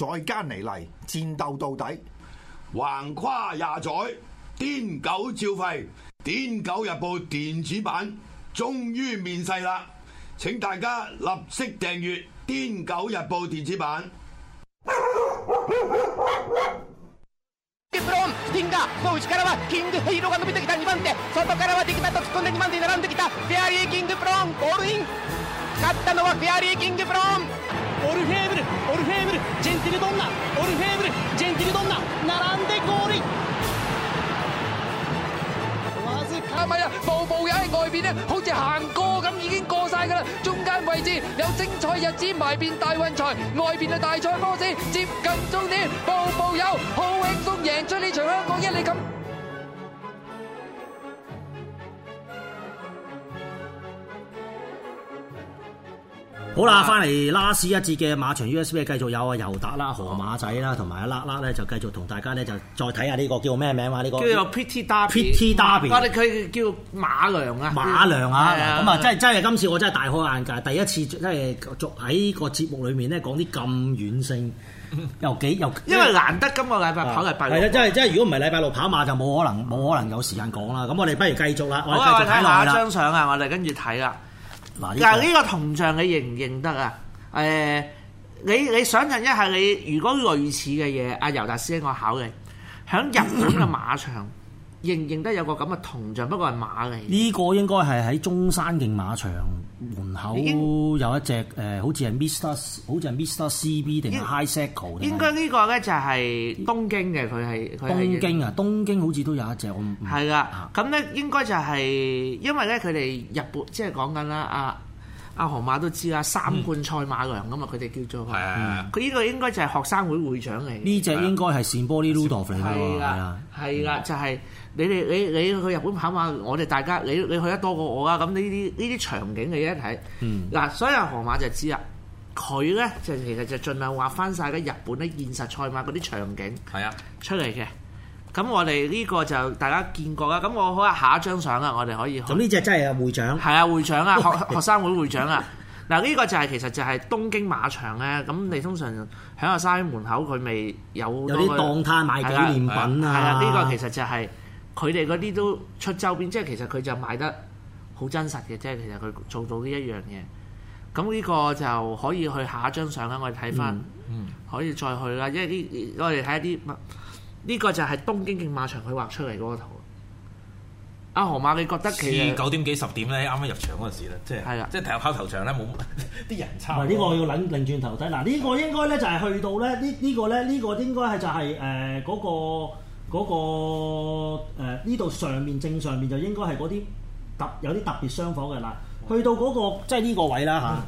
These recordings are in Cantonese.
再艱泥嚟，戰鬥到底。橫跨廿載，癲狗照吠。癲狗日報電子版終於面世啦！請大家立即訂閱癲狗日報電子版。g 卡馬呀，步步友喺外邊咧，好似行過咁，已經過晒㗎啦。中間位置有精彩日子埋遍大運財，外邊嘅大賽波子接近終點，步步友好輕鬆，贏出呢場香港一哩錦。好啦，翻嚟 last 一節嘅馬場 USB 繼續有啊，尤達啦、河馬仔啦，同埋阿 LakLak 咧就繼續同大家咧就再睇下呢個叫咩名哇？呢、這個叫做 Pretty Derby，我哋佢叫馬娘啊，馬娘啊，咁啊，啊真真係今次我真係大開眼界，第一次真係作喺個節目裏面咧講啲咁軟性，又幾又因為難得今個禮拜跑禮拜。係啦、啊，即係即係如果唔係禮拜六跑馬就冇可能冇可能有時間講啦。咁我哋不如繼續啦，我哋繼續睇落啦。張相啊，啊我哋跟住睇啦。嗱，嗱呢個銅像你認唔認得啊？誒、呃，你你想象一下，你如果類似嘅嘢，阿尤達師兄我考你，響日本嘅馬場。 認唔認得有個咁嘅銅像，不過係馬嚟。呢個應該係喺中山競馬場、嗯、門口有一隻誒經、呃，好似係 Mr. 好似係 Mr. C B 定係 High Circle。應該呢個咧就係東京嘅，佢係佢係。東京啊，東京好似都有一隻，我唔係啊，咁咧、嗯嗯、應該就係、是、因為咧佢哋日本即係講緊啦啊。阿、啊、河馬都知啦，三冠賽馬娘咁啊，佢哋、嗯、叫做佢呢個應該就係學生會會長嚟。呢隻應該係扇玻璃 Ludov 係啦，係啦，就係你哋你你，你去日本跑馬，我哋大家你你去得多過我啊。咁呢啲呢啲場景你一睇，嗱、嗯啊，所以阿、啊、河馬就知啦，佢咧就其實就盡量話返晒，啲日本咧現實賽馬嗰啲場景啊，出嚟嘅。嗯咁我哋呢個就大家見過啦。咁我好下下一張相啦，我哋可以去。咁呢隻真係啊，會長。係啊，會長啊，學學生會會長啊。嗱，呢個就係、是、其實就係東京馬場咧。咁你通常喺個山壩門口未，佢咪有有啲檔攤賣啲紀念品啊。係啊，呢、呃這個其實就係佢哋嗰啲都出周邊，即係其實佢就賣得好真實嘅，即係其實佢做到呢一樣嘢。咁呢個就可以去下一張相啦，我哋睇翻，嗯嗯、可以再去啦。因為一啲我哋睇一啲呢個就係東京競馬場佢畫出嚟嗰個圖。阿河馬，你覺得佢九點幾十點咧？啱啱入場嗰陣時咧，即係的即係睇下跑頭場咧，冇啲 人差。呢、這個要諗，擰轉頭睇嗱，呢、這個應該咧就係去到咧呢呢個咧呢、這個應該係就係誒嗰個嗰個呢度上面正上面就應該係嗰啲特有啲特別雙火嘅嗱，去到嗰、那個即係呢個位啦嚇，呢、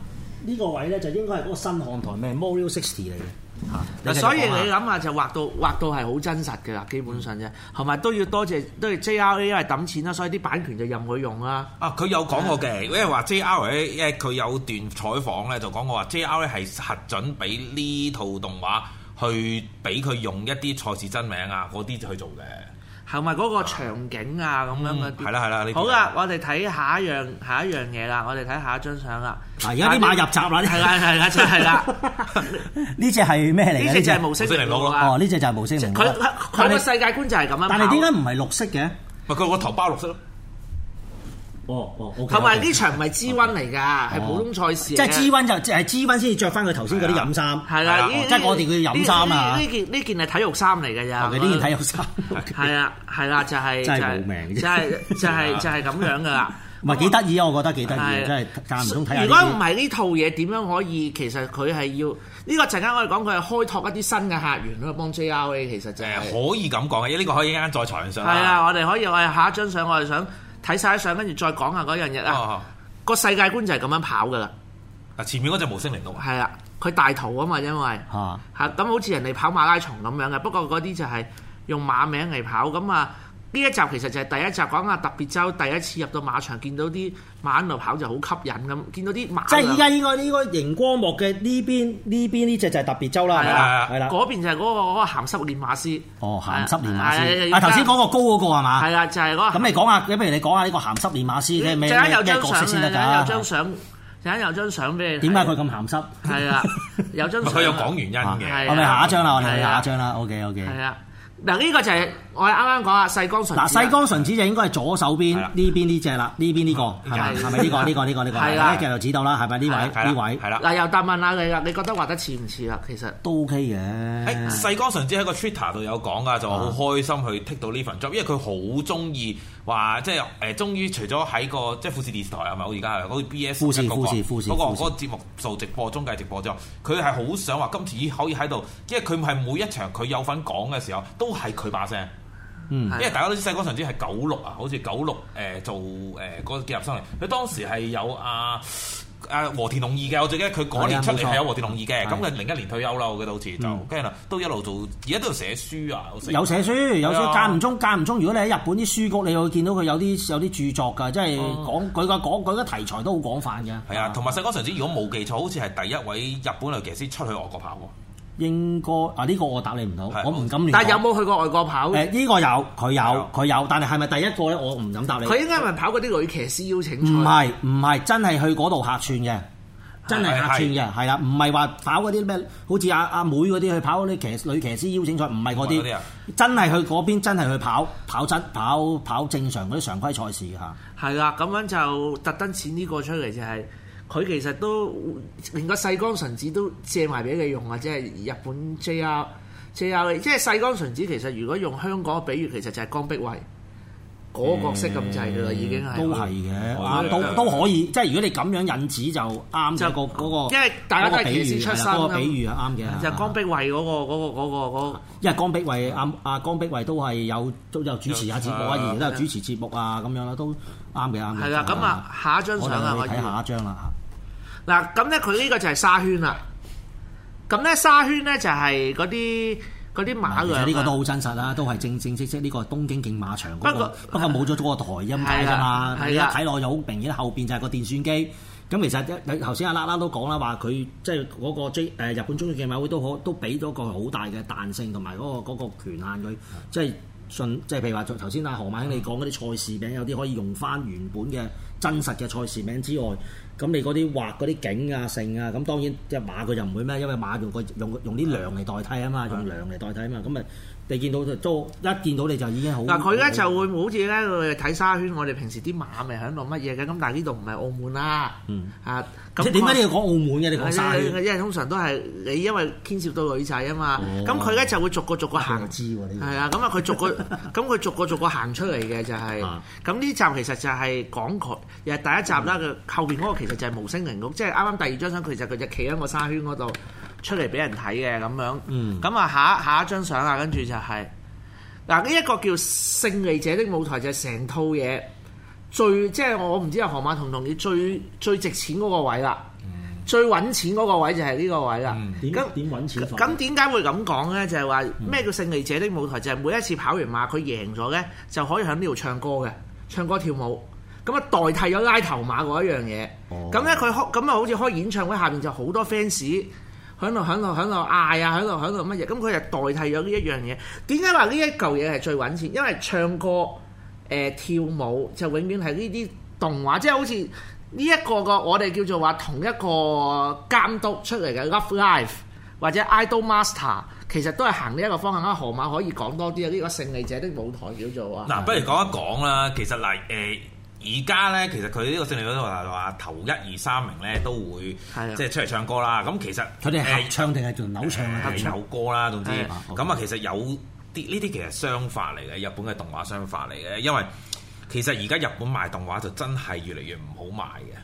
嗯啊、個位咧就應該係嗰個新看台咩？Morio sixty 嚟嘅。嗱，嗯、所以你諗下就畫到畫到係好真實嘅啦，基本上啫，同埋都要多謝都係 JRA，因為揼錢啦，所以啲版權就任佢用啦。啊，佢、啊、有講過嘅， 因為話 JRA 因為佢有段採訪咧，就講過話 JRA 係核准俾呢套動畫去俾佢用一啲賽事真名啊嗰啲去做嘅。係咪嗰個場景啊？咁樣嗰啲係啦係啦，嗯、好啦，我哋睇下一樣下一樣嘢啦，我哋睇下一張相啦。嗱，而家啲馬入閘啦，係啦係啦，真係啦。呢隻係咩嚟？呢隻係無色靈。哦，呢隻就係無色靈。佢佢佢個世界觀就係咁樣。但係點解唔係綠色嘅？咪佢個頭包綠色咯。哦哦，同埋呢場唔係 G1 嚟㗎，係普通賽事。即係 G1 就即誒 G1 先至着翻佢頭先嗰啲飲衫。係啦，即係我哋嘅飲衫啊！呢件呢件係體育衫嚟㗎咋。係呢件體育衫。係啊係啦，就係就係就係就係咁樣㗎啦。唔係幾得意啊？我覺得幾得意，即係如果唔係呢套嘢，點樣可以？其實佢係要呢個陣間，我哋講佢係開拓一啲新嘅客源咯，幫 JRA 其實就係。可以咁講嘅，呢個可以一間再財上。係啊，我哋可以我下一張相，我哋想。睇晒相，跟住再講下嗰樣嘢啦。個、哦哦、世界觀就係咁樣跑噶啦。嗱，前面嗰隻無聲鈴鹿係啦，佢大逃啊嘛，因為嚇，咁好似人哋跑馬拉松咁樣嘅。不過嗰啲就係用馬名嚟跑咁啊。嗯呢一集其實就係第一集講下特別周第一次入到馬場見到啲馬喺度跑就好吸引咁，見到啲馬啦。即係依家應該應該熒光幕嘅呢邊呢邊呢隻就係特別周啦，係啦，係啦。嗰邊就係嗰個嗰個鹹濕練馬師。哦，鹹濕練馬師。啊頭先講個高嗰個係嘛？係啊，就係嗰個。咁你講下，不如你講下呢個鹹濕練馬師嘅咩咩角色先得㗎？有張相，陣間有張相俾你。點解佢咁鹹濕？係啦，有張。佢有講原因嘅。我哋下一張啦，我哋下一張啦。OK，OK。係啊。嗱，呢個就係我哋啱啱講啊，細江純。嗱，細江純子就應該係左手邊呢邊呢隻啦，呢邊呢個係咪？係咪呢個？呢個？呢個？ 呢個？係啦，呢隻就指導啦，係咪呢位？呢位。係啦。嗱， 又答問下你啦，你覺得畫得似唔似啊？其實都 OK 嘅。誒、欸，細江純子喺個 Twitter 度有講啊，就話好開心去 take 到呢份 job，因為佢好中意。話即係誒，終、呃、於除咗喺個即係富士電視台啊，係咪我而家係好似 BS 嗰個嗰個、富士、嗰個嗰個、富士、嗰個富士、嗰個節目做直播中繼直播之後，佢係好想話今次可以喺度，因為佢係每一場佢有份講嘅時候，都係佢把聲。嗯，因為大家都知細是的、呃呃嗰個嗰陣時係九六啊，好似九六誒做誒嗰個結合生嚟，佢當時係有啊。誒、啊、和田龍二嘅，我最記得佢嗰年出嚟係和田龍二嘅，咁佢零一年退休啦，我記得好似就，跟住啦都一路做，而家都喺度寫書啊，有寫書，佢、啊、間唔中間唔中，如果你喺日本啲書局，你會見到佢有啲有啲著作㗎，即係講佢嘅講佢嘅題材都好廣泛嘅。係啊，同埋細個嗰陣時，如果冇記錯，好似係第一位日本騎師出去外國跑、啊。應該啊，呢個我答你唔到，我唔敢聯。但有冇去過外國跑？誒呢個有，佢有佢有，但係係咪第一個呢？我唔敢答你。佢應該係跑嗰啲女騎師邀請賽。唔係唔係，真係去嗰度客串嘅，真係客串嘅，係啦，唔係話跑嗰啲咩，好似阿阿妹嗰啲去跑嗰啲騎女騎師邀請賽，唔係嗰啲。真係去嗰邊，真係去跑跑真跑跑正常嗰啲常規賽事嘅嚇。係啦，咁樣就特登剪呢個出嚟就係。佢其實都連個細江純子都借埋俾佢用啊！即係日本 J R J R，即係細江純子其實如果用香港嘅比喻，其實就係江碧惠嗰個角色咁滯噶啦，已經係都係嘅，都都可以。即係如果你咁樣引子就啱，即係嗰嗰個。因為大家都係啲出身。嗰個比喻係啱嘅。就江碧惠嗰個嗰個嗰個因為江碧惠阿阿江碧惠都係有都有主持下節目啊，亦都有主持節目啊咁樣啦，都啱嘅啱嘅。係啦，咁啊，下一張相我睇下一張啦。嗱，咁咧佢呢個就係沙圈啦、啊。咁咧沙圈咧就係嗰啲啲馬嘅、啊。呢個都好真實啦，都係正正式式呢、這個東京競馬場嘅、那個。不過不過冇咗個台音牌啫嘛，啊、而家睇落又好明顯後邊就係個電算機。咁、啊、其實一頭先阿 LakLak 都講啦，話佢即係嗰個中、呃、日本中央競馬會都好都俾咗個好大嘅彈性同埋嗰個嗰、那個、權限佢，即係信即係譬如話頭先阿河馬兄你講嗰啲賽事餅有啲可以用翻原本嘅。真實嘅賽事名之外，咁你嗰啲畫嗰啲景啊、城啊，咁當然即係馬佢就唔會咩，因為馬用個用用啲糧嚟代替啊嘛，用糧嚟代替啊嘛，咁咪。你見到就都，一見到你就已經好。嗱，佢而家就會好似咧，佢睇沙圈，我哋平時啲馬咪響度乜嘢嘅，咁但係呢度唔係澳門啦。嗯。啊。即係點解你要講澳門嘅？你講沙圈。因為通常都係你因為牽涉到女仔啊嘛。咁佢而家就會逐個逐個行。唔，係啊，咁啊佢逐個，咁佢 逐個逐個行出嚟嘅就係、是。咁呢、嗯、集其實就係講佢，第一集啦。佢後邊嗰個其實就係無聲鈴鹿，即係啱啱第二張相，其實佢就企喺個沙圈嗰度。出嚟俾人睇嘅咁樣，咁啊下下一張相啊，跟住就係嗱呢一個叫勝利者的舞台就係成套嘢最即係我唔知阿河馬同同你最最值錢嗰個位啦，嗯、最揾錢嗰個位就係呢個位啦、嗯。點那點揾錢？咁點解會咁講呢？就係話咩叫勝利者的舞台？就係、是、每一次跑完馬佢贏咗咧，就可以喺呢度唱歌嘅，唱歌跳舞，咁啊代替咗拉頭馬嗰一樣嘢。咁呢、哦，佢開咁啊好似開演唱會，下面就好多 fans。喺度喺度喺度嗌啊！喺度喺度乜嘢？咁佢就代替咗呢一樣嘢。點解話呢一嚿嘢係最揾錢？因為唱歌、誒跳舞就永遠係呢啲動畫，即係好似呢一個個我哋叫做話同一個監督出嚟嘅 Love Life 或者 Idol Master，其實都係行呢一個方向。阿河馬可以講多啲啊！呢個勝利者的舞台叫做啊，嗱，不如講一講啦。其實嚟。誒。而家咧，其實佢呢個勝利女都話頭一二三名咧，都會的即係出嚟唱歌啦。咁、嗯、其實佢哋係唱定係做扭唱扭歌啦，唱總之咁啊，的嗯、其實有啲呢啲其實商法嚟嘅，日本嘅動畫商法嚟嘅，因為其實而家日本賣動畫就真係越嚟越唔好賣嘅，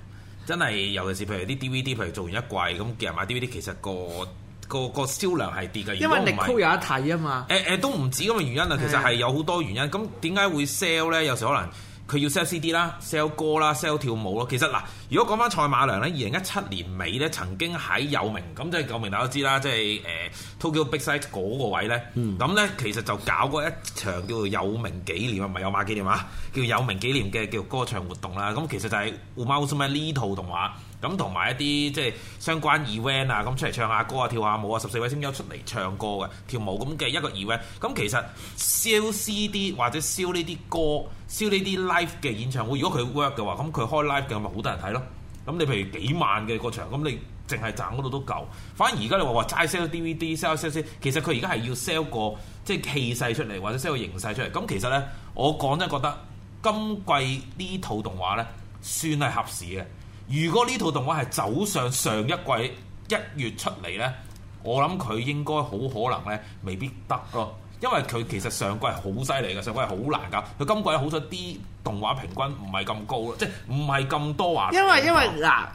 真係尤其是譬如啲 DVD，譬如做完一季咁，人買 DVD 其實個個個銷量係跌㗎，因為力扣有一替啊嘛。欸欸欸欸、都唔止咁嘅原因啊，其實係有好多原因。咁點解會 sell 呢？有時可能，佢要 sell CD 啦，sell 歌啦，sell 跳舞咯。其實嗱，如果講翻賽馬娘咧，二零一七年尾咧，曾經喺有名，咁即係大家都知啦，即係誒、呃、Tokyo Big Sight 嗰個位咧，咁咧、嗯、其實就搞過一場叫做有名紀念啊，唔係有馬紀念啊，叫有名紀念嘅叫做歌唱活動啦。咁其實就係《Uma Musume》呢套動畫。咁同埋一啲即係相關 event 啊，咁出嚟唱下歌啊，跳下舞啊，十四位聲優出嚟唱歌嘅，跳舞咁嘅一個 event。咁其實 sell CD 或者 sell 呢啲歌，sell 呢啲 live 嘅演唱會，如果佢 work 嘅話，咁佢開 live 嘅咪好多人睇咯。咁你譬如幾萬嘅個場，咁你淨係賺嗰度都夠。反而而家你話話齋 sell DVD，sell sell，其實佢而家係要 sell 個即係氣勢出嚟，或者 sell 個形勢出嚟。咁其實咧，我講真覺得今季呢套動畫咧，算係合時嘅。如果呢套動畫係走上上一季一月出嚟呢，我諗佢應該好可能咧，未必得咯，因為佢其實上季係好犀利嘅，上季係好難噶，佢今季好彩啲動畫平均唔係咁高咯，即係唔係咁多話。因為因為嗱，呢、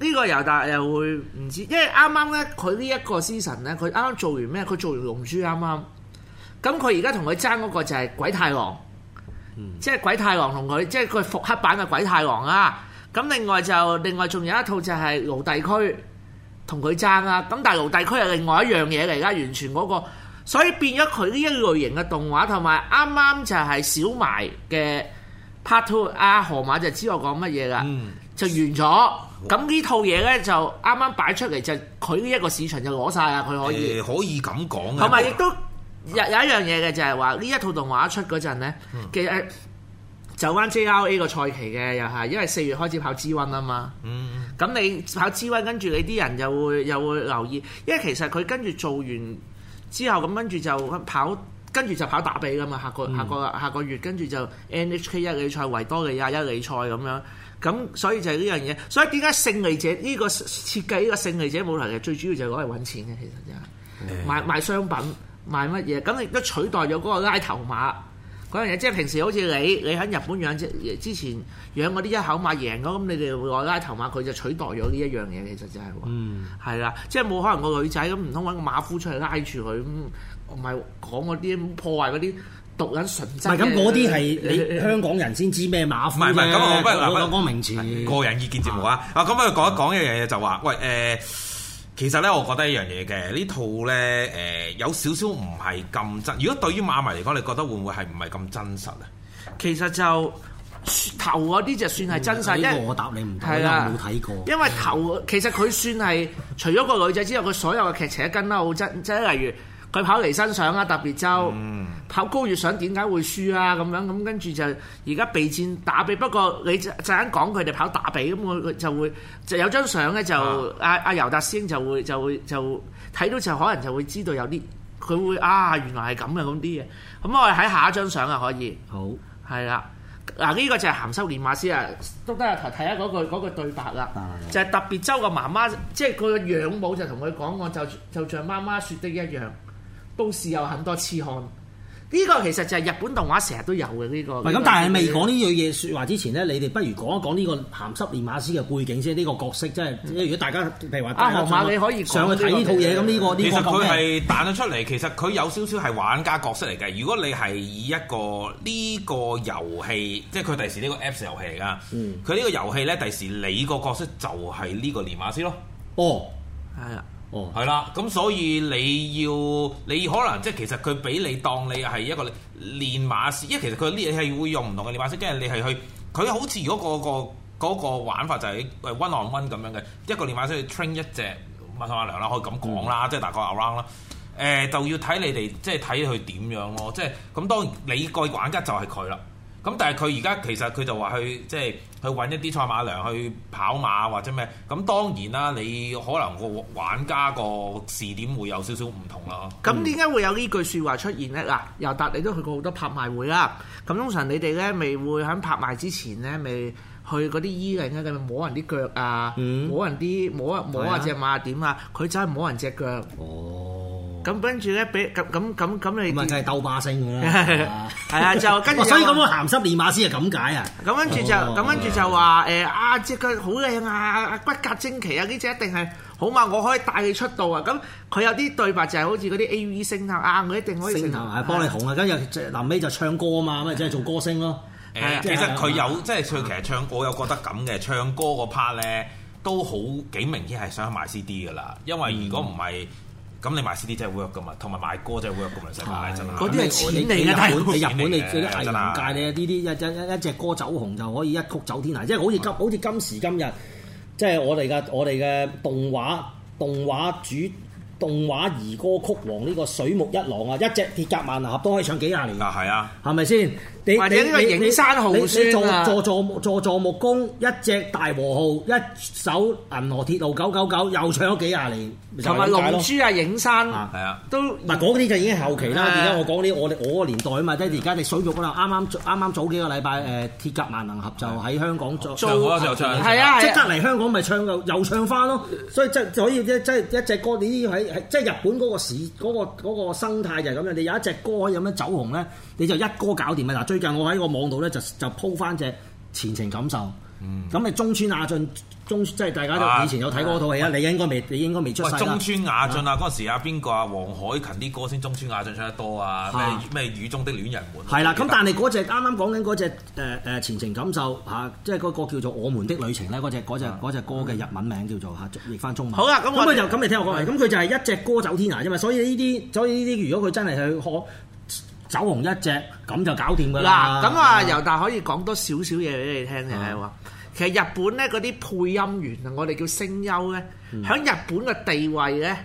這個尤達又會唔知，因為啱啱呢，佢呢一個 season 呢，佢啱啱做完咩？佢做完龍珠啱啱，咁佢而家同佢爭嗰個就係鬼太郎！即係、嗯、鬼太郎同佢，即係佢復刻版嘅鬼太郎啊！咁另外就另外仲有一套就係《奴隸區》同佢爭啊。咁但係《奴隸區》係另外一樣嘢嚟㗎，而家完全嗰個，所以變咗佢呢一類型嘅動畫同埋啱啱就係小埋嘅 part two 啊，河馬就知我講乜嘢啦，就完咗。咁呢套嘢呢就啱啱擺出嚟就佢呢一個市場就攞晒啦，佢可以可以咁講嘅。同埋亦都有有一樣嘢嘅就係話呢一套動畫一出嗰陣呢，其實。走翻 JRA 個賽期嘅又係，因為四月開始跑 G1 啊嘛。嗯。咁你跑 G1，跟住你啲人又會又會留意，因為其實佢跟住做完之後咁，跟住就跑，跟住就跑打比噶嘛。下個下個下個月跟住就 NHK 一哩賽、維多利亞一哩賽咁樣。咁所以就係呢樣嘢。所以點解勝利者呢、這個設計呢個勝利者舞台嘅最主要就係攞嚟揾錢嘅，其實啫、就係。賣賣商品賣乜嘢？咁亦都取代咗嗰個拉頭馬。嗰樣嘢，即係平時好似你你喺日本養隻之前養嗰啲一口馬贏咗，咁你哋會外拉頭馬，佢就取代咗呢一樣嘢，其實就係喎。嗯，係啦，即係冇可能個女仔咁，唔通揾個馬夫出嚟拉住佢咁？唔係講嗰啲破壞嗰啲獨撚純真。係咁嗰啲係你香港人先知咩馬夫咁，我講講名詞，個人意見節目啊！啊咁啊，講一講一樣嘢就話，喂誒。其實咧，我覺得一樣嘢嘅呢套咧，誒、呃、有少少唔係咁真。如果對於馬迷嚟講，你覺得會唔會係唔係咁真實啊？其實就頭嗰啲就算係真實，因為我答你唔到，因為冇睇過。因為頭其實佢算係除咗個女仔之後，佢 所有嘅劇情一跟得好真，即係例如。佢跑離身相啊，特別周、嗯、跑高月相點解會輸啊？咁樣咁，跟住就而家備戰打比，不過你陣間講佢哋跑打比咁，我佢就會就有張相咧、啊啊，就阿阿尤達師兄就會就會就睇到就可能就會知道有啲佢會啊，原來係咁嘅咁啲嘢。咁我哋喺下一張相好啊，可以好係啦。嗱呢個就係鹹濕練馬師啊，都得入台睇下嗰句嗰句對白啦，啊、就係特別周嘅媽媽，即係佢嘅養母就同佢講，我就就像媽媽説的一樣。到時有很多痴漢，呢、這個其實就係日本動畫成日都有嘅呢、這個。咁、這個，但係未講呢樣嘢說話之前呢，你哋不如講一講呢個鹹濕練馬師嘅背景先。呢、這個角色即係，嗯、如果大家譬如話啊，河馬，你可以上去睇呢套嘢。咁呢、這個、這個、其實佢係彈咗出嚟。其實佢有少少係玩家角色嚟嘅。如果你係以一個呢、這個遊戲，即係佢第時呢個 apps 遊戲嚟噶。佢呢、嗯、個遊戲呢，第時你個角色就係呢個練馬師咯。哦，係啊。哦，係啦，咁所以你要你要可能即係其實佢俾你當你係一個練馬師，因為其實佢呢嘢係會用唔同嘅練馬師，即係你係去佢好似嗰、嗰個、嗰個嗰玩法就係喂 one on one 咁樣嘅，一個練馬師去 train 一隻馬上馬娘啦，可以咁講啦，即係、嗯、大概 around 啦、呃，誒就要睇你哋即係睇佢點樣咯，即係咁當然你個玩家就係佢啦。咁但係佢而家其實佢就話去即係去搵一啲賽馬娘去跑馬或者咩，咁當然啦，你可能個玩家個視點會有少少唔同啦。咁點解會有呢句説話出現咧？嗱，尤達你都去過好多拍賣會啦，咁通常你哋咧未會喺拍賣之前咧未去嗰啲依樣嘅嘅摸人啲腳啊，摸人啲摸摸下隻馬點啊，佢就係摸人隻腳。哦。咁跟住咧，俾咁咁咁咁，你咪即係鬥霸性啦。係啊，就跟住，所以咁咸鹹濕練馬師先係咁解啊。咁跟住就，咁跟住就話誒啊！即佢好靚啊，骨骼精奇啊，呢隻一定係好嘛！我可以帶你出道啊！咁佢有啲對白就係好似嗰啲 A V 星啦，啊，佢一定可以。聲啊，幫你紅啊！咁又臨尾就唱歌啊嘛，咁咪即係做歌星咯。誒，其實佢有即係佢其實唱，歌有覺得咁嘅唱歌個 part 咧，都好幾明顯係想賣 CD 噶啦，因為如果唔係。咁你賣 CD 真係 work 噶嘛？同埋賣歌的真係 work 噶嘛？世界真係嗰啲係錢嚟嘅，日本，你日本，你嗰啲藝術界咧，呢啲一一一隻歌走紅就可以一曲走天涯，即係是的 好似今是的 好似今時今日，即係我哋嘅我哋嘅動畫動畫主動畫兒歌曲王呢個水木一郎啊，一隻鐵甲萬能俠都可以唱幾廿年㗎，係啊，係咪先？你你影山豪書啊！做做做做木工，一隻大和號，一艘銀河鐵路九九九，又唱咗幾廿年，同埋龍珠啊！影山啊，都嗱，嗰啲就已經後期啦。而家我講啲我哋我個年代啊嘛，即係而家你水玉啦，啱啱啱啱早幾個禮拜誒，鐵甲萬能俠就喺香港做，唱嗰時候唱，係啊，即刻嚟香港咪唱又唱翻咯。所以即係可以即係一隻歌，你喺喺即係日本嗰個市嗰個嗰個生態就係咁樣。你有一隻歌咁樣走紅咧，你就一歌搞掂啊！嗱最近我喺個網度咧，就就鋪翻隻前程感受，咁咪中村雅俊中即係大家都以前有睇過嗰套戲啊，你應該未你應該未出世啦。喂，中村雅俊啊，嗰陣時啊邊個啊，黃凱芹啲歌先中村雅俊唱得多啊，咩咩雨中的戀人們。係啦，咁但係嗰隻啱啱講緊嗰隻誒誒前程感受吓，即係嗰個叫做我們的旅程咧，嗰隻只隻歌嘅日文名叫做吓，譯翻中文。好啦，咁咁咪就咁嚟聽我講啊，咁佢就係一隻歌走天涯啫嘛，所以呢啲所以呢啲如果佢真係去學。走紅一隻咁就搞掂㗎啦！嗱，咁啊，尤、啊、大可以講多少少嘢俾你聽嘅係話，啊、其實日本咧嗰啲配音員啊，我哋叫聲優咧，喺、嗯、日本嘅地位咧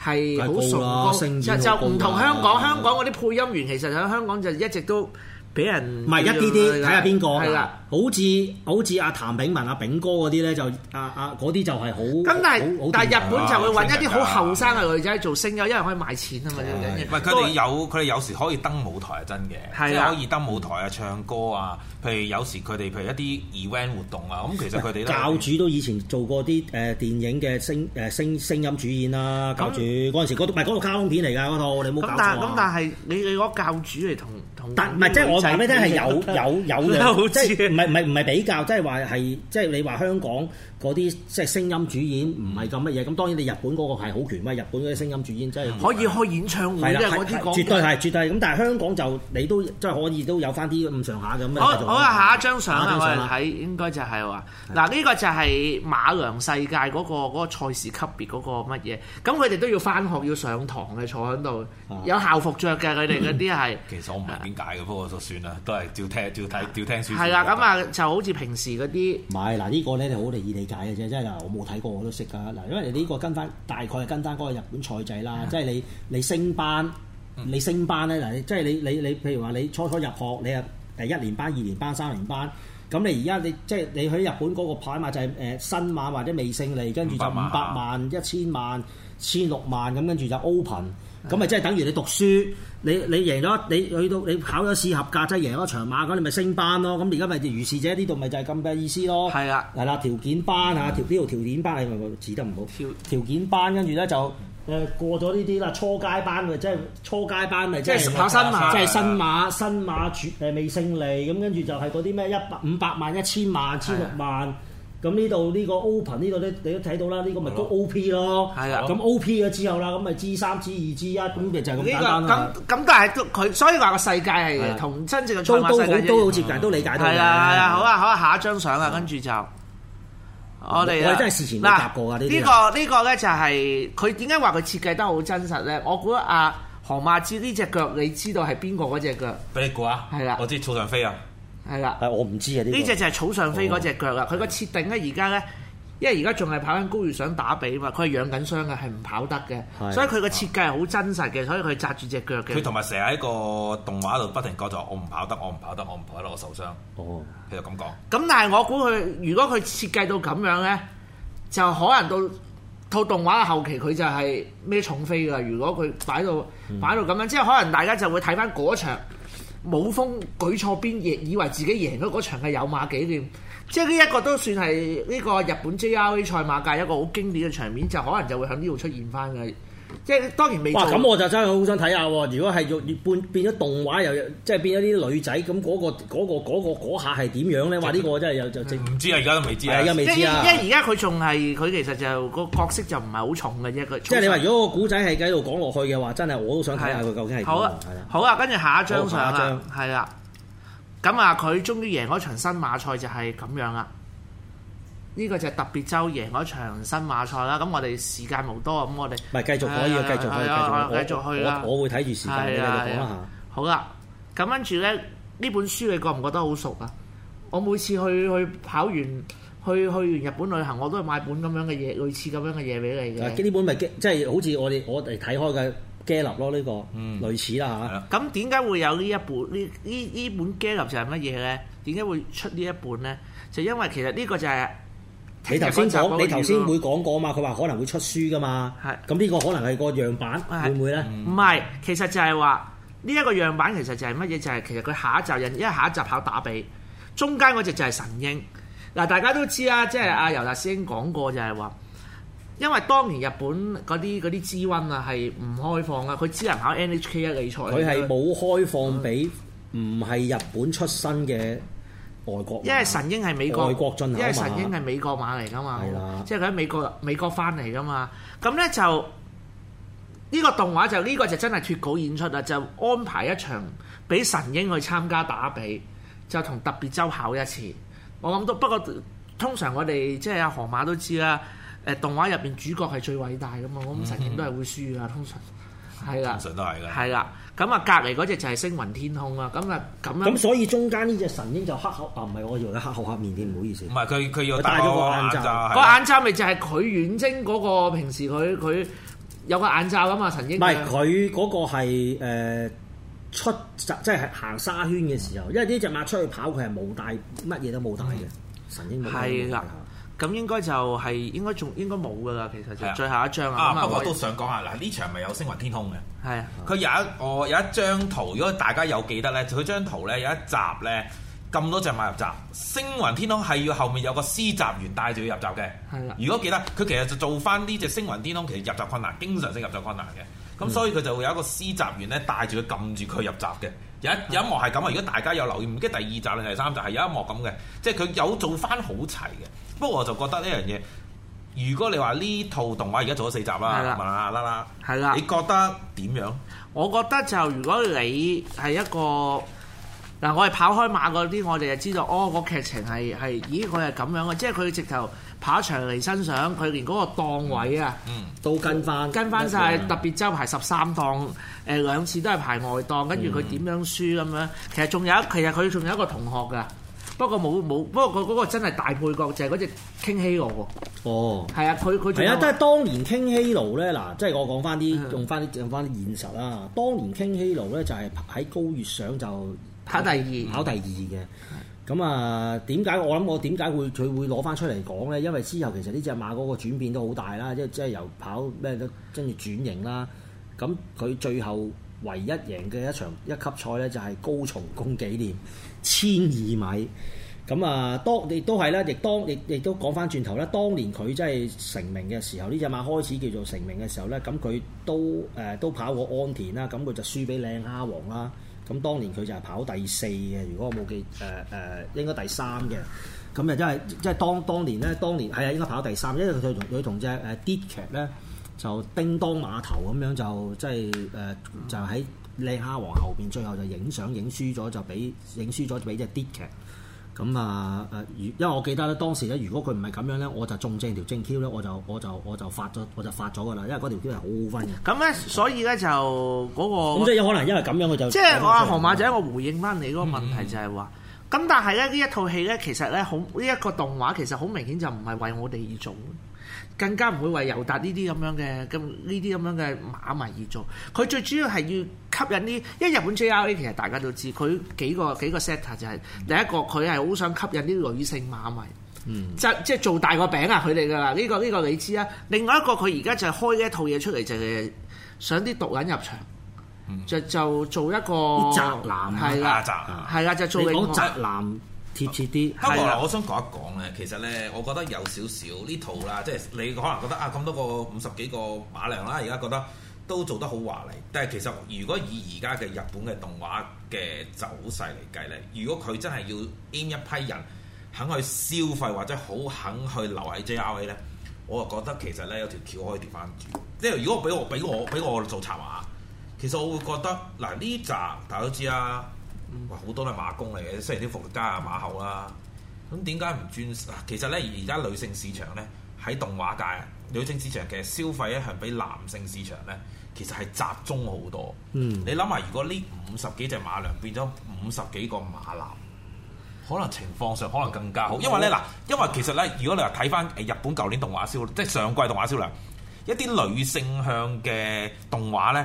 係好崇高，高就就唔同香港，啊、香港嗰啲配音員其實喺香港就一直都。俾人唔係一啲啲，睇下邊個係啦。好似好似阿譚炳文、阿炳哥嗰啲咧，就阿阿嗰啲就係好。咁但係但係日本就會揾一啲好後生嘅女仔做聲優，因為可以賣錢啊嘛。唔係佢哋有佢哋有時可以登舞台係真嘅，即係可以登舞台啊唱歌啊。譬如有時佢哋譬如一啲 event 活動啊，咁其實佢哋教主都以前做過啲誒電影嘅聲誒聲聲音主演啦。教主嗰陣時嗰套唔係嗰套卡通片嚟㗎嗰套，你冇咁但係咁你你攞教主嚟同同，但唔係即係我。係咩？真係有有有嘅，像即係唔係唔係唔係比較，即係話係，即係你話香港。嗰啲即係聲音主演唔係咁乜嘢，咁當然你日本嗰個係好權威。日本嗰啲聲音主演真係可以開演唱會嘅嗰啲講，絕對係絕對係咁，但係香港就你都即係可以都有翻啲咁上下咁嘅。好，好啊，下一張相啊，我哋睇應該就係話嗱呢個就係馬良世界嗰個嗰個賽事級別嗰個乜嘢，咁佢哋都要翻學要上堂嘅，坐喺度有校服着嘅，佢哋嗰啲係其實我唔明點解嘅，不過就算啦，都係照聽照睇照聽書係啦，咁啊就好似平時嗰啲唔嗱呢個咧你好留睇嘅啫，即係嗱，我冇睇過我都識㗎。嗱，因為你呢個跟翻大概係跟翻嗰個日本賽制啦，的即係你你升班，嗯、你升班咧嗱，你即係你你你，譬如話你初初入學，你又誒一年班、二年班、三年班，咁你而家你即係、就係、你喺日本嗰個牌嘛、就係，就係誒新馬或者未勝利，跟住就五百萬、一千、嗯、萬、千六萬咁，跟住就 open。咁咪即係等於你讀書，你你贏咗，你去到你考咗試合格，即係贏咗場馬咁，你咪升班咯。咁而家咪如是者，呢度咪就係咁嘅意思咯。係啦，係啦，條件班啊，條呢度條件班係咪指得唔好？條條件班跟住咧就誒過咗呢啲啦，初階班咪即係初階班咪即係跑新馬，即係新馬新馬絕誒未勝利咁，跟住就係嗰啲咩一百五百萬、一千萬、千六萬。咁呢度呢個 open 呢度咧，你都睇到啦，呢個咪都 op 咯。係啊，咁 op 咗之後啦，咁咪 g 三 g 二 g 一，咁就係咁簡單啦。咁咁但係佢，所以話個世界係同真正嘅賽馬世界都好都好接近，都理解到。係啦係啦，好啊好啊，下一張相啊，跟住就我哋我真係事前解答過啊。呢啲。呢個呢個咧就係佢點解話佢設計得好真實咧？我估啊，河馬仔呢隻腳，你知道係邊個嗰隻腳？俾你估啊？係啦，我知草上飛啊。係啦，但我唔知啊！呢隻就係草上飛嗰隻腳啦，佢個、哦、設定咧，而家咧，因為而家仲係跑緊高月賞打吡嘛，佢係養緊傷嘅，係唔跑得嘅，的所以佢個設計係好真實嘅，啊、所以佢扎住隻腳嘅。佢同埋成日喺個動畫度不停講就話我唔跑得，我唔跑得，我唔跑，跑，跑，跑得，我受傷。哦，佢就咁講。咁、嗯、但係我估佢，如果佢設計到咁樣咧，就可能到套動畫嘅後期，佢就係孭重飛噶。如果佢擺到擺到咁樣，嗯、即係可能大家就會睇翻嗰場。冇風舉錯邊，亦以為自己贏咗嗰場係有馬紀念，即係呢一個都算係呢個日本 J R A 賽馬界一個好經典嘅場面，就可能就會喺呢度出現翻嘅。即係當然未。哇！咁我就真係好想睇下喎。如果係越半變咗動畫，又即係變咗啲女仔，咁嗰個嗰個嗰下係點樣咧？話呢個真係又就正唔知啊，而家都未知啊，而家未知啊。因為而家佢仲係佢其實就個角色就唔係好重嘅啫。佢即係你話如果個古仔係繼度講落去嘅話，真係我都想睇下佢究竟係點。好啦，好啊，跟住下一張上，下一張啦，係啦。咁啊，佢終於贏嗰場新馬賽就係咁樣啦。呢個就係特別週贏嗰場新馬賽啦。咁我哋時間冇多啊，咁我哋唔係繼續可以，繼、啊、續，續去，繼我續去，啦。我會睇住時間，啊、你哋繼續講下。好啦，咁跟住咧，呢本書你覺唔覺得好熟啊？我每次去去跑完，去去完日本旅行，我都係買本咁樣嘅嘢，類似咁樣嘅嘢俾你嘅。呢本咪即係好似我哋我哋睇開嘅《Gallop、嗯》咯，呢個類似啦嚇。咁點解會有呢一本？本呢呢呢本《Gallop》就係乜嘢咧？點解會出呢一本咧？就因為其實呢個就係、是。你頭先講，你頭先會講過嘛？佢話可能會出書噶嘛？係是，咁呢個可能係個樣板，是會唔會呢？唔係，其實就係話呢一個樣板，其實就係乜嘢？就係、是、其實佢下一集因為下一集考打比，中間嗰隻就係神鷹。嗱，大家都知啊，即係阿尤達師兄講過就係話，因為當年日本嗰啲嗰啲 G1 啊係唔開放啊，佢只能考 NHK 一哩賽係，佢係冇開放俾，唔係日本出身嘅、嗯。外國，因為神鷹係美國，國因為神鷹係美國馬嚟㗎嘛，馬即係佢喺美國美國翻嚟㗎嘛，咁呢就呢、呢個動畫就呢、呢個就真係脫稿演出啦，就安排一場俾神鷹去參加打比，就同特別周考一次。我諗到不過通常我哋即係阿河馬都知啦，誒動畫入邊主角係最偉大㗎嘛，咁神鷹都係會輸㗎，嗯、哼通常係啦，通常都係㗎，係啦。咁啊，隔離嗰隻就係星雲天空啦。咁啊，咁樣咁所以中間呢隻神鷹就黑口啊，唔係我以為黑口黑面添，唔好意思。唔係佢佢要戴咗個眼罩。個眼罩咪就係佢遠征嗰個平時佢佢有個眼罩啊嘛，神鷹。唔係佢嗰個係誒、呃、出即係、就是、行沙圈嘅時候，嗯、因為呢隻馬出去跑，佢係冇帶乜嘢都冇帶嘅、嗯、神鷹冇。係啦的。咁應該就係應該仲應該冇㗎啦。其實就最後一張的那麼 啊，我不過都想講下嗱，呢場咪有星雲天空嘅係啊。佢的有一我、哦、有一張圖，如果大家有記得咧，佢張圖咧有一集咧咁多隻馬入閘，星雲天空係要後面有個司閘員帶住佢入閘嘅係啦。的如果記得佢其實就做翻呢隻星雲天空，其實入閘困難，經常性入閘困難嘅咁，嗯、所以佢就會有一個司閘員咧帶住佢撳住佢入閘嘅，有一、嗯、有一幕係咁啊。如果大家有留意，唔記得第二集定第，第，第三集係有一幕咁嘅，即係佢有，有做翻好齊嘅。不過我就覺得呢樣嘢，如果你話呢套動畫而家做咗四集啦，麻麻拉拉，你覺得點樣？我覺得就如果你係一個嗱，我係跑開馬嗰啲，我哋就知道，哦，個劇情係係，咦，佢係咁樣嘅，即係佢直頭跑長嚟身上，佢連嗰個檔位啊、嗯嗯，都跟翻，跟翻晒特別周排十三檔，誒、呃、兩次都係排外檔，跟住佢點樣輸咁樣？嗯、其實仲有，其實佢仲有，有一個同學㗎。不過冇冇，不過佢嗰個真係大配角就係嗰隻傾希羅喎。哦，係啊，佢佢係啊，都係當年傾希羅咧嗱，即係我講翻啲用翻啲用翻啲現實啦。當年傾希羅咧就係、是、喺高月上就跑第二跑第二嘅。咁、嗯、啊，點解我諗我點解會佢會攞翻出嚟講咧？因為之後其實呢隻馬嗰個轉變都好大啦，即係即係由跑咩都跟住轉型啦。咁佢最後唯一贏嘅一場一級賽咧就係高松宮紀念。千二米，咁、嗯、啊，當亦都係咧，亦當亦亦都講翻轉頭咧，當年佢真係成名嘅時候，呢、這、隻、個、馬開始叫做成名嘅時候咧，咁、嗯、佢都誒、呃、都跑過安田啦，咁、嗯、佢就輸俾靚蝦王啦。咁、嗯、當年佢就係跑第四嘅，如果我冇記誒誒、呃，應該第三嘅。咁又真係即係當當年咧，當年係啊，應該跑第三，因為佢同佢同隻誒跌劇咧，就、呃、叮噹馬頭咁樣就即係誒就喺、是。呃就靚蝦王後邊，最後就影相影輸咗，就俾影輸咗俾隻跌劇。咁啊，誒，因為我記得咧，當時咧，如果佢唔係咁樣咧，我就中正條正 Q 咧，我就我就我就發咗，我就發咗噶啦。因為嗰條 Q 係好好分嘅。咁咧、啊，所以咧就嗰、那個，咁即係有可能因為咁樣，佢就即係我阿河馬仔，我回應翻你嗰個問題就係、是、話，咁、嗯、但係咧呢一套戲咧，其實咧好呢一個動畫，其實好明顯就唔係為我哋而做。更加唔會為尤達呢啲咁樣嘅咁呢啲咁樣嘅馬迷而做，佢最主要係要吸引啲，因為日本 J R A 其實大家都知，佢幾個幾個、就係、s e t 就係第一個佢係好想吸引啲女性馬迷，即即、嗯、係做大個餅啊！佢哋噶啦，呢、呢個呢、呢個你知啊。另外一個佢而家就開套就一套嘢出嚟，就係想啲毒人入場，嗯、就就做一個，係啦、嗯，係啦的、啊，就做。你講宅男？貼切啲。不過是，的我想講一講咧，其實咧，我覺得有少少呢套啦，即係你可能覺得啊，咁多個五十幾個馬娘啦，而家覺得都做得好華麗。但係其實，如果以而家嘅日本嘅動畫嘅走勢嚟計咧，如果佢真係要 In 一批人肯去消費或者好肯去留喺 J R A 咧，我就覺得其實咧有條橋可以調返轉。即係如果俾我俾我俾我，我做策劃，其實我會覺得嗱呢集大家都知啊。好多都係馬工嚟嘅，雖然啲伏家啊馬後啦，咁點解唔轉？其實咧，而家女性市場咧，喺動畫界，女性市場嘅消費一向比男性市場咧，其實係集中好多。嗯，你諗下，如果呢五十幾隻馬娘變咗五十幾個馬男，可能情況上可能更加好，因為咧嗱，好啊、因為其實咧，如果你話睇翻日本舊年動畫銷，即係上季動畫銷量，一啲女性向嘅動畫咧。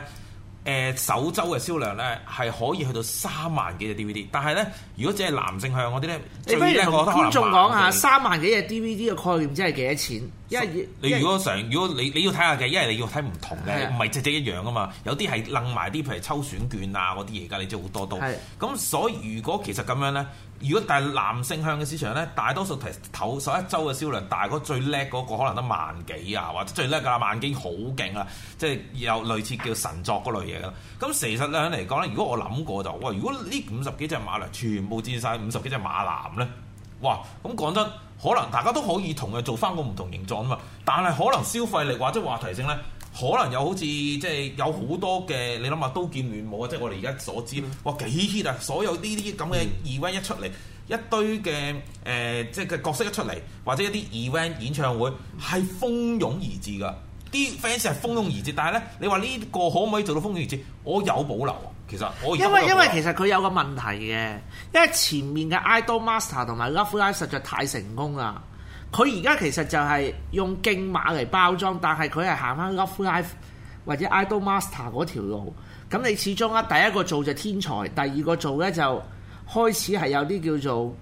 誒、呃、首周嘅銷量咧係可以去到三萬幾隻 DVD，但係咧，如果只係男性向嗰啲咧，你不如同觀眾講下三萬幾隻 DVD 嘅概念即係幾多錢？因為你如果想為如果你要要你要睇下嘅，因為你要睇唔同嘅，唔係隻隻一樣噶嘛，有啲係掟埋啲譬如抽選券啊嗰啲嘢噶，你即係好多多。咁是的 所以如果其實咁樣咧。如果但係男性向嘅市場咧，大多數提頭十一周嘅銷量大，大係最叻嗰個可能得萬幾啊，或者最叻㗎啦，萬幾好勁啊，即係有類似叫神作嗰類嘢啦。咁事實上嚟講咧，如果我諗過就哇，如果呢五十幾隻馬娘全部戰晒五十幾隻馬男咧，哇！咁講真，可能大家都可以同佢做返個唔同形狀啊嘛，但係可能消費力或者話題性咧。可能有好似即係有好多嘅，你諗下刀劍亂舞啊！即係我哋而家所知，嗯、哇幾 hit 啊！所有呢啲咁嘅 event 一出嚟，一堆嘅誒、呃、即係嘅角色一出嚟，或者一啲 event 演唱會係蜂擁而至㗎，啲 fans 係蜂擁而至。但係咧，你話呢個可唔可以做到蜂擁而至？我有保留啊，其實我因為因為其實佢有個問題嘅，因為前面嘅 Idol Master 同埋 Love Live 實在太成功喇。佢而家其實就係用競馬嚟包裝，但係佢係行翻 Love Life 或者 Idol Master 嗰條路。咁你始終咧，第一個做就天才，第二個做呢就開始係有啲叫做。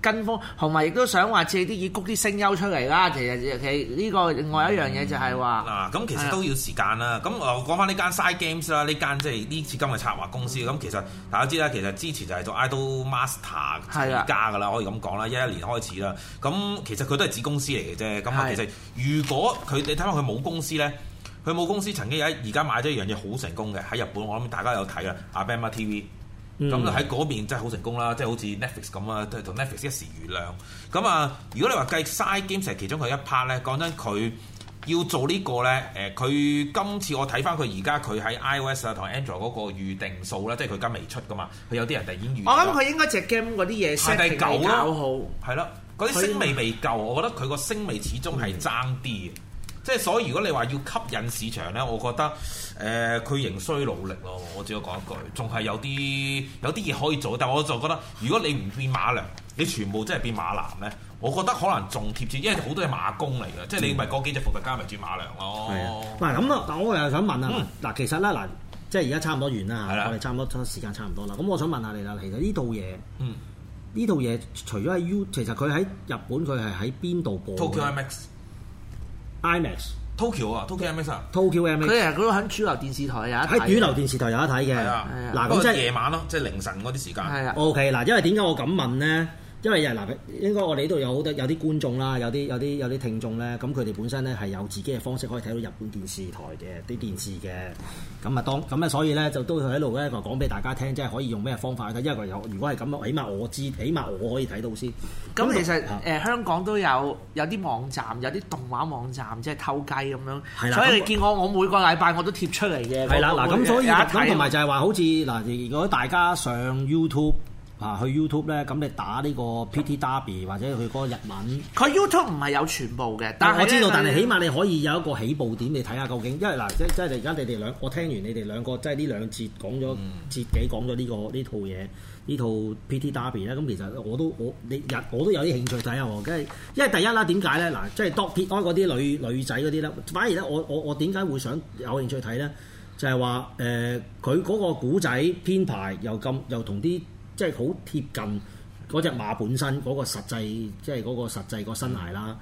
跟風，同埋亦都想話借啲熱谷啲聲優出嚟啦。其實其實呢個另外一樣嘢就係、是、話，嗱咁、嗯、其實都要時間啦。咁我講翻呢間 Cygames 啦，呢間即係呢次今日策劃公司。咁其實大家知啦，其實之前就係做 Idolmaster 起家㗎啦，可以咁講啦，一一年開始啦。咁其實佢都係子公司嚟嘅啫。咁是的 其實如果佢你睇下佢母公司咧，佢母公司曾經喺而家買咗一樣嘢好成功嘅喺日本，我諗大家有睇啊，AbemaTV。咁喺嗰邊真係好成功啦，即係好似 Netflix 咁啊，都係同 Netflix 一時瑜亮。咁啊，如果你話計 side game 其中佢一 part 咧，講真佢要做呢個咧，誒佢今次我睇翻佢而家佢喺 iOS 啊同 Android 嗰個預定數啦，即係佢今未出噶嘛，佢有啲人突然經預。我諗佢應該隻 game 嗰啲嘢 setting 未搞好。係啦，嗰啲聲味未夠，我覺得佢個聲味始終係爭啲嘅。嗯即係所以，如果你話要吸引市場咧，我覺得誒佢、呃、仍需努力咯。我只係講一句，仲係有啲有啲嘢可以做。但係我就覺得，如果你唔變馬娘，你全部真係變馬男咧，我覺得可能仲貼切，因為好多係馬公嚟㗎。嗯、即係你咪嗰幾隻伏特加咪轉馬娘咯。嗱咁啊，但我又想問、嗯、啊，嗱其實咧嗱，即係而家差唔多完啦，我哋差唔多差時間差唔多啦。咁我想問下你啦，其實呢套嘢呢、嗯、套嘢除咗喺 U，其實佢喺日本佢係喺邊度播嘅？imax，Tokyo 啊，Tokyo MX 啊，Tokyo MX，佢係嗰度喺主流電視台有得睇，喺主流電視台有得睇嘅。係啊，嗱，咁即係夜晚咯，即係凌晨嗰啲時間。OK，嗱，因為點解我咁問咧？因為嗱，應該我哋呢度有好多有啲觀眾啦，有啲有啲有啲聽眾咧，咁佢哋本身咧係有自己嘅方式可以睇到日本電視台嘅啲電視嘅，咁啊當咁啊所以咧就都喺度咧個講俾大家聽，即係可以用咩方法去睇，因為有如果係咁啊，起碼我知，起碼我可以睇到先。咁、嗯、其實誒是、呃、香港都有有啲網站，有啲動畫網站，即係偷雞咁樣。係啦的。所以你見我我每個禮拜我都貼出嚟嘅。係啦嗱咁。所以咁同埋就係話好似嗱，如果大，大家上 YouTube。啊，去 YouTube 咧，咁你打呢個 Pretty Derby 或者佢嗰個日文，佢 YouTube 唔係有全部嘅，但係是我知道，但係起碼你可以有一個起步點，你睇下究竟，因為嗱，即即係而家你哋兩，我聽完你哋兩個，即係呢兩節講咗，自己、嗯、講咗呢、呢個呢、呢個、套嘢，呢套 Pretty Derby 咧，咁其實我都我你日我都有啲興趣睇下喎，因為因為第一啦，點解咧？嗱，即係當撇開嗰啲女女仔嗰啲咧，反而咧，我我我點解會想有興趣睇咧？就係話誒，佢、呃、嗰個故仔編排又咁又同啲。即係好貼近嗰隻馬本身嗰、嗰個實際，即係嗰個實際個身軀啦。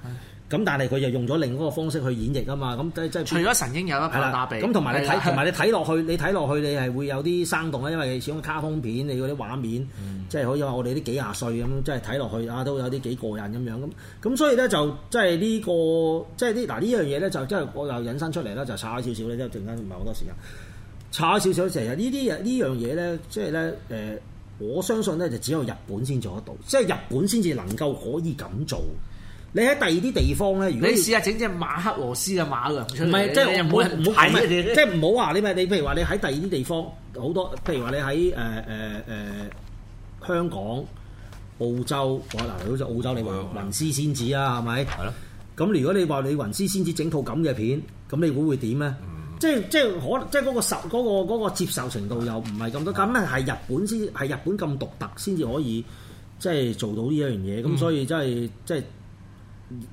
咁、嗯、但係佢就用咗另一個方式去演繹啊嘛。咁即係除咗神鷹的有一個打比，咁同埋你睇，同埋的你睇落去，你睇落去你係會有啲生動咧，因為始終卡通片你嗰啲畫面，嗯、即係可以話我哋啲幾廿歲咁，即係睇落去啊都有啲幾過癮咁樣咁。咁所以咧就、即係呢個、即係呢、呢個即係嗱呢樣嘢咧就即係我又引申出嚟啦，就差少少咧，即係陣間唔係好多時間差少少成日呢啲嘢呢樣嘢咧，即係咧誒。我相信咧就只有日本先做得到，即係日本先至能夠可以咁做。你喺第二啲地方咧，如果你試下整隻馬克羅斯嘅馬，唔係即係唔好唔好，唔 即係唔好話你咪你，譬如話你喺第二啲地方好多，譬如話你喺誒誒誒香港、澳洲，嗱好似澳洲、哎呃、澳洲你話雲雲斯仙子啊，係咪？係咯。咁如果你話你雲斯仙子整套咁嘅片，咁你估會點咧？嗯即係即係可，即係嗰個受嗰個、嗰個嗰個、接受程度又唔係咁多，咁咧係日本先係日本咁獨特先至可以即係做到呢樣嘢，咁、嗯、所以真係即係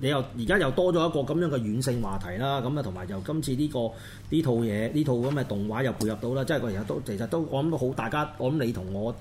你又而家又多咗一個咁樣嘅軟性話題啦，咁啊同埋由今次呢、呢個呢套嘢呢套咁嘅動畫又配合到啦，即係其實都其實都我諗都好，大家我諗你同我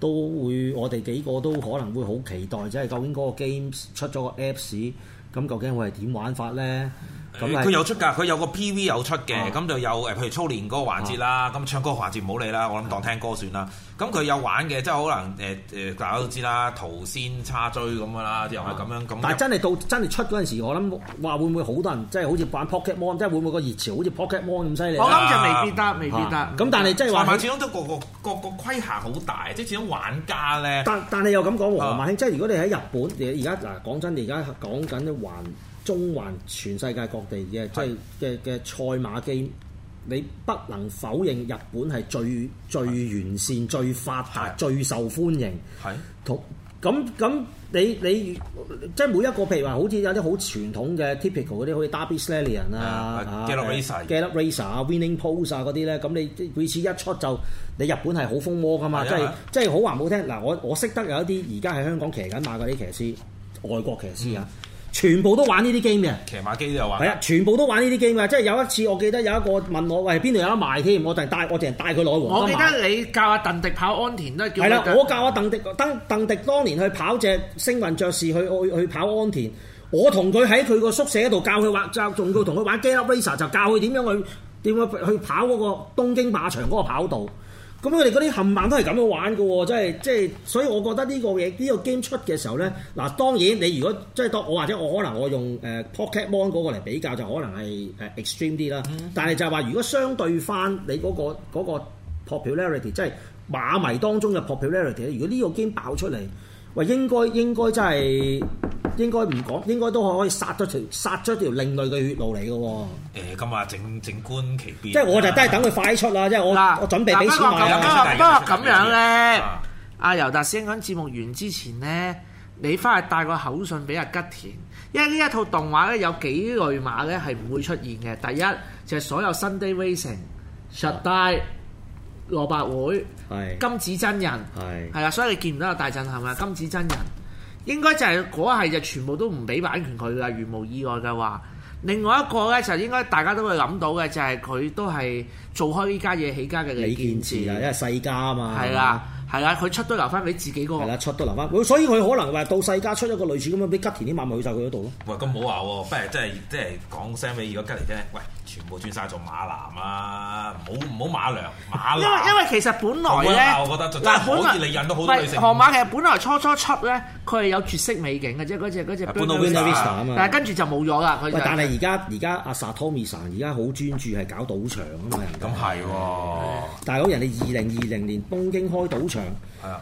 都會我哋幾個都可能會好期待，即係究竟嗰個 game 出咗個 apps。咁究竟會係點玩法咧？咁佢有出㗎，佢有個 P V 有出嘅，咁就有誒，譬如操練嗰個環節啦，咁唱歌環節唔好理啦，我諗當聽歌算啦。咁佢有玩嘅，即係可能誒誒，大家都知啦，逃先差追咁嘅啦，又係咁樣。咁但係真係到真係出嗰陣時，我諗話會唔會好多人，即係好似玩 Pokémon，c 即係會唔會個熱潮好似 Pokémon c 咁犀利？我諗就未必得，未必得。咁但係即係話，始終都個個個個規限好大，即係始終玩家咧。但但係又咁講，河馬兄，即係如果你喺日本，而而家嗱，講真，你而家講緊。環中環全世界各地嘅，即係嘅嘅賽馬機，你不能否認日本係最最完善、最發達、最受歡迎。係同咁咁，你你即係每一個，譬如話好似有啲好傳統嘅 typical 嗰啲，好似 Derby Stallion 啊、Gallop Racer Winning Post 啊嗰啲咧，咁你每次一出就你日本係好風魔㗎嘛，即係即係好話唔好聽嗱。我我識得有一啲而家喺香港騎緊馬嗰啲騎師，外國騎師啊。全部都玩呢啲 game 嘅，騎馬機都有玩。係啊，全部都玩呢啲 game 嘅。即係有一次，我記得有一個問我，喂邊度有得賣添？我就係帶我就係帶佢攞喎。我，我記得你教阿鄧迪跑安田都係叫。係啦，我教阿鄧迪鄧鄧迪當年去跑隻星雲爵士去去去跑安田，我同佢喺佢個宿舍度教佢玩就仲要同佢玩 Gallop Racer 就教佢點樣去點樣去跑嗰個東京馬場嗰個跑道。咁佢哋嗰啲冚棒都係咁樣玩嘅喎，真係，即係，所以我覺得呢個嘢，呢、呢個 game 出嘅時候咧，嗱當然你如果即係當我或者我可能我用誒、呃、Pokémon 嗰個嚟比較，就可能係誒、呃、extreme 啲啦。嗯、但係就係話，如果相對返你嗰、嗰個嗰、嗰個 popularity，即係馬迷當中嘅 popularity，如果呢個 game 爆出嚟。喂，應該應該真係應該唔講，應該都可以殺咗條殺咗條另類嘅血路嚟嘅喎。咁啊，靜靜、哎、觀其變啊。即係我就都係等佢快出啦，即係喇我喇我準備俾錢買啦。不過咁樣咧，阿尤達師兄喺節目完之前咧，你翻去帶個口信俾阿吉田，因為呢一套動畫咧，有幾類馬咧係唔會出現嘅。第一就係、是、所有 Sunday Racing s h 蘿蔔會係金，金子真人，係啦，所以你見唔到有大震撼啊！金子真人應該就係嗰，係就全部都唔俾版權佢啦，如無意外嘅話。另外一個呢，就應該大家都會諗到嘅就係、係、佢都係做開呢家嘢起家嘅里見治啊，因為世家嘛。係啊的。的係啦，佢出都留翻俾自己嗰個。係啦，出都留翻，所以佢可能話到世家出咗個類似咁樣，俾吉田啲馬咪去曬佢嗰度咯。喂，咁唔好話喎，不如即係真係講聲俾如果吉田聽，喂，全部轉晒做馬男啊，唔好唔好馬良馬男。因為因為其實本來咧，我覺得嗱本來引到好多女性。河馬其實本來初初出咧，佢係有絕色美景嘅，即係嗰隻嗰隻。搬到 Vista 啊嘛。但係跟住就冇咗啦。但係而家而家阿沙 Tommy 而家好專注係搞賭場啊嘛。咁係喎，但係講人哋二零二零年東京開賭場。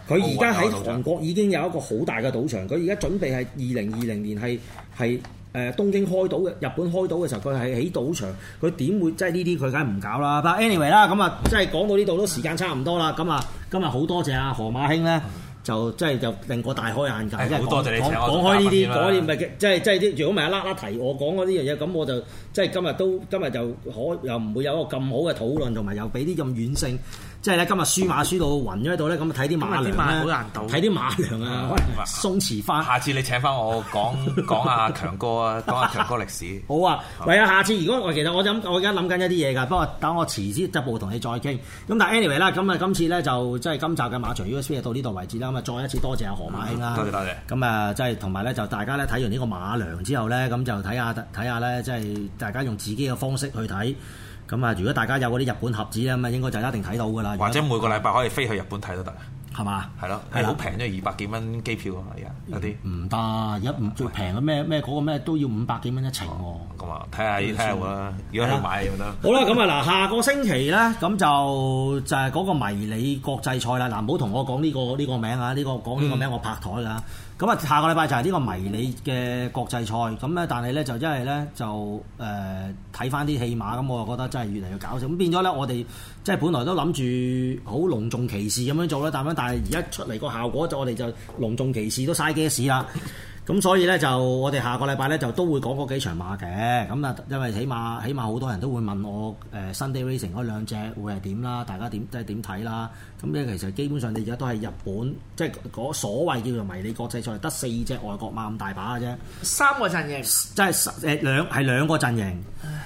佢而家喺韓國已經有一個好大嘅賭場，佢而家準備係二零二零年係係誒，東京開賭嘅，日本開賭嘅時候佢係起賭場，佢點會即係呢啲佢梗係唔搞啦。但係 anyway 啦，咁啊即係講到呢度都時間差唔多啦，咁啊今日好多謝啊河馬兄呢。嗯就即係就令我大開眼界，好、哎、多謝你講開呢啲講啲唔係嘅，即係即係啲如果唔係一粒粒提我講嗰啲樣嘢，咁我就即係今日都今日就可又唔會有一個咁好嘅討論，同埋又俾啲咁軟性，即係咧今、啊、今日輸馬輸到暈咗喺度咧，咁睇啲馬娘咧、啊，睇啲馬娘啊鬆弛翻。下次你請翻我講 講下強哥啊，講下強哥歷史。好啊，好喂啊，下次如果我其實我我而家諗緊一啲嘢㗎，不過等我遲啲一步同你再傾。咁但係 anyway 啦，咁啊今次咧就即係今集嘅馬場 USB 到呢度為止啦。再一次多謝阿河馬兄啊、嗯！多謝多謝。咁啊，即係同埋咧，就大家咧睇完呢個馬娘之後咧，咁就睇下睇下咧，即係大家用自己嘅方式去睇。咁啊，如果大家有嗰啲日本盒子啊，咁啊，應該就一定睇到噶啦。或者每個禮拜可以飛去日本睇都得。係嘛？係咯，係好平都係，二百幾蚊機票啊！而家有啲唔得，而家唔最平嘅咩咩嗰個咩都要五百幾蚊一程喎。咁啊、嗯，睇下呢條啦，看看看看的如果係買用得。的好啦，咁啊嗱，下個星期咧，咁就就係嗰個迷你國際賽啦。嗱，唔好同我講呢個呢個名啊，呢個講呢個名我拍台㗎。嗯咁啊，下個禮拜就係呢個迷你嘅國際賽，咁咧，但係咧就，呢就、呃、一係咧就誒睇翻啲戲碼，咁我又覺得真係越嚟越搞笑。咁變咗咧，我哋即係本來都諗住好隆重其事咁樣做啦，但係但係而家出嚟個效果，就我哋就隆重其事都嘥機屎啦。咁所以呢，就我哋下個禮拜呢，就都會講嗰幾場馬嘅，咁啊，因為起碼起碼好多人都會問我誒、呃、Sunday Racing 嗰兩隻會係點啦，大家點即係點睇啦？咁呢，其實基本上你而家都係日本，即係所謂叫做迷你國際賽，得四隻外國馬咁大把嘅啫。三個陣營，即係誒兩係兩個陣營，唉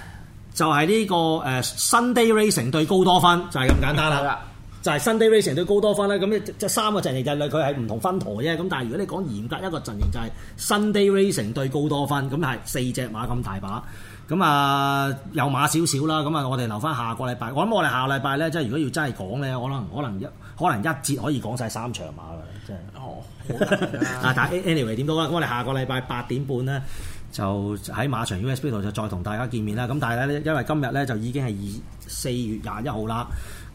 就係呢、呢個誒、呃、Sunday Racing 對高多芬，就係、是、咁簡單啦。 就係 Sunday Racing 對高多分啦。咁咧即三個陣型就係佢係唔同分枱啫。咁但係如果你講嚴格一個陣型，就係 Sunday Racing 對高多分，咁係四隻馬咁大把，咁啊有馬少少啦。咁啊，點點我哋留翻下個禮拜。我諗我哋下個禮拜咧，即係如果要真係講咧，我可能可能一可能一節可以講晒三場馬嘅，即係。 哦。啊， 但 anyway 點都好啦。咁我哋下個禮拜八點半咧，就喺馬場 USB 度就再同大家見面啦。咁但係咧，因為今日咧就已經係二四月廿一號啦。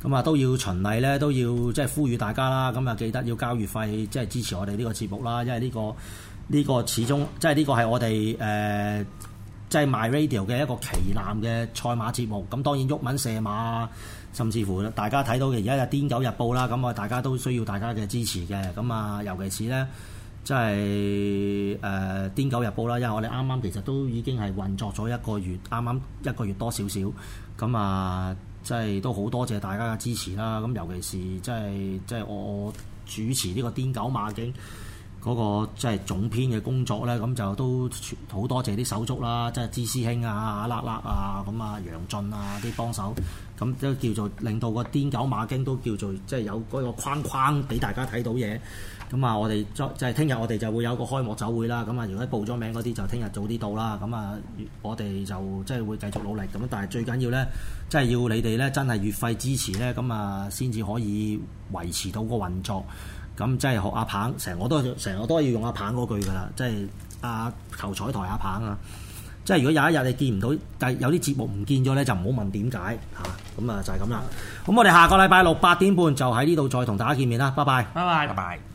咁啊都要循例咧，都要即係呼籲大家啦。咁啊記得要交月費，即係支持我哋呢個節目啦。因為呢、呢個呢、呢個始終即係呢個係我哋誒、呃、即係 MyRadio 嘅一個旗艦嘅賽馬節目。咁當然毓民射馬，甚至乎大家睇到嘅而家係癲狗日報啦。咁啊大家都需要大家嘅支持嘅。咁啊尤其是咧，即係誒癲狗日報啦，因為我哋啱啱其實都已經係運作咗一個月，啱啱一個月多少少咁啊。即係都好多謝大家嘅支持啦！咁尤其是即係即係我主持呢、這個《癲狗馬經》嗰、那個即係總編嘅工作咧，咁就都好多謝啲手足啦，即係朱師兄啊、阿 LakLak 啊、咁啊楊俊啊啲幫手。咁都叫做令到個癲狗馬經都叫做即係、就是、有嗰個框框俾大家睇到嘢。咁啊，就是、我哋即係聽日我哋就會有個開幕酒會啦。咁啊，如果報咗名嗰啲就聽日早啲到啦。咁啊，我哋就即、是、係會繼續努力。咁但係最緊要呢，即、就、係、是、要你哋呢真係月費支持呢，咁啊先至可以維持到個運作。咁即係學阿棒，成我都成日都要用阿棒嗰句㗎啦。即係阿球彩台阿棒啊！即係如果有一日你見唔到，但係有啲節目唔見咗咧，就唔好問點解吓，咁啊就係咁啦。咁我哋下個禮拜六八點半就喺呢度再同大家見面啦，拜拜，拜拜，拜拜。